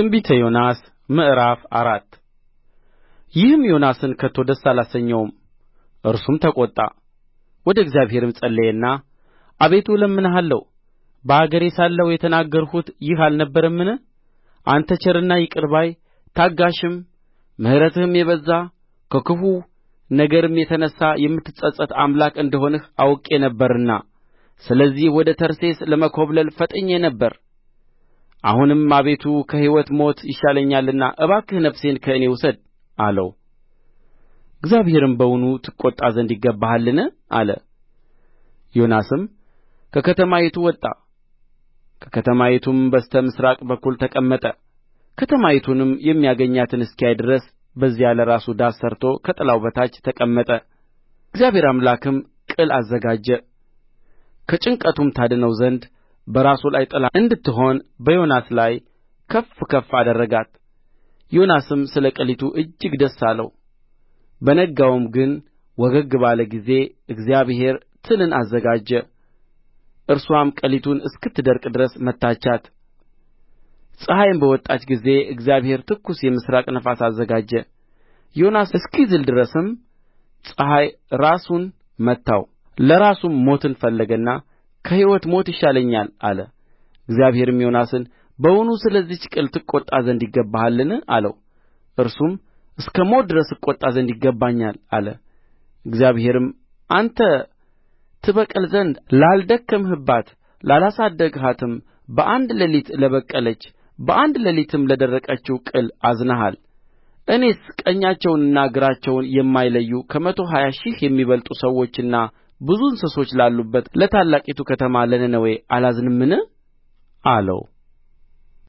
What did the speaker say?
ትንቢተ ዮናስ ምዕራፍ አራት ይህም ዮናስን ከቶ ደስ አላሰኘውም። እርሱም ተቈጣ፣ ወደ እግዚአብሔርም ጸለየና አቤቱ እለምንሃለሁ በአገሬ ሳለሁ የተናገርሁት ይህ አልነበረምን? አንተ ቸርና ይቅር ባይ ታጋሽም፣ ምሕረትህም የበዛ ከክፉ ነገርም የተነሣ የምትጸጸት አምላክ እንደሆንህ አውቄ ነበርና ስለዚህ ወደ ተርሴስ ለመኰብለል ፈጥኜ ነበር። አሁንም አቤቱ ከሕይወት ሞት ይሻለኛልና እባክህ ነፍሴን ከእኔ ውሰድ አለው እግዚአብሔርም በውኑ ትቈጣ ዘንድ ይገባሃልን አለ ዮናስም ከከተማይቱ ወጣ ከከተማይቱም በስተ ምሥራቅ በኩል ተቀመጠ ከተማይቱንም የሚያገኛትን እስኪያይ ድረስ በዚያ ለራሱ ዳስ ሠርቶ ከጥላው በታች ተቀመጠ እግዚአብሔር አምላክም ቅል አዘጋጀ ከጭንቀቱም ታድነው ዘንድ በራሱ ላይ ጥላ እንድትሆን በዮናስ ላይ ከፍ ከፍ አደረጋት። ዮናስም ስለ ቅሊቱ እጅግ ደስ አለው። በነጋውም ግን ወገግ ባለ ጊዜ እግዚአብሔር ትልን አዘጋጀ። እርሷም ቅሊቱን እስክትደርቅ ድረስ መታቻት። ፀሐይም በወጣች ጊዜ እግዚአብሔር ትኩስ የምሥራቅ ነፋስ አዘጋጀ። ዮናስ እስኪዝል ድረስም ፀሐይ ራሱን መታው። ለራሱም ሞትን ፈለገና ከሕይወት ሞት ይሻለኛል አለ እግዚአብሔርም ዮናስን በውኑ ስለዚች ቅል ትቈጣ ዘንድ ይገባሃልን አለው እርሱም እስከ ሞት ድረስ እቈጣ ዘንድ ይገባኛል አለ እግዚአብሔርም አንተ ትበቅል ዘንድ ላልደከምህባት ላላሳደግሃትም በአንድ ሌሊት ለበቀለች በአንድ ሌሊትም ለደረቀችው ቅል አዝነሃል እኔስ ቀኛቸውንና ግራቸውን የማይለዩ ከመቶ ሀያ ሺህ የሚበልጡ ሰዎችና ብዙ እንስሶች ላሉባት ለታላቂቱ ከተማ ለነነዌ አላዝንምን አለው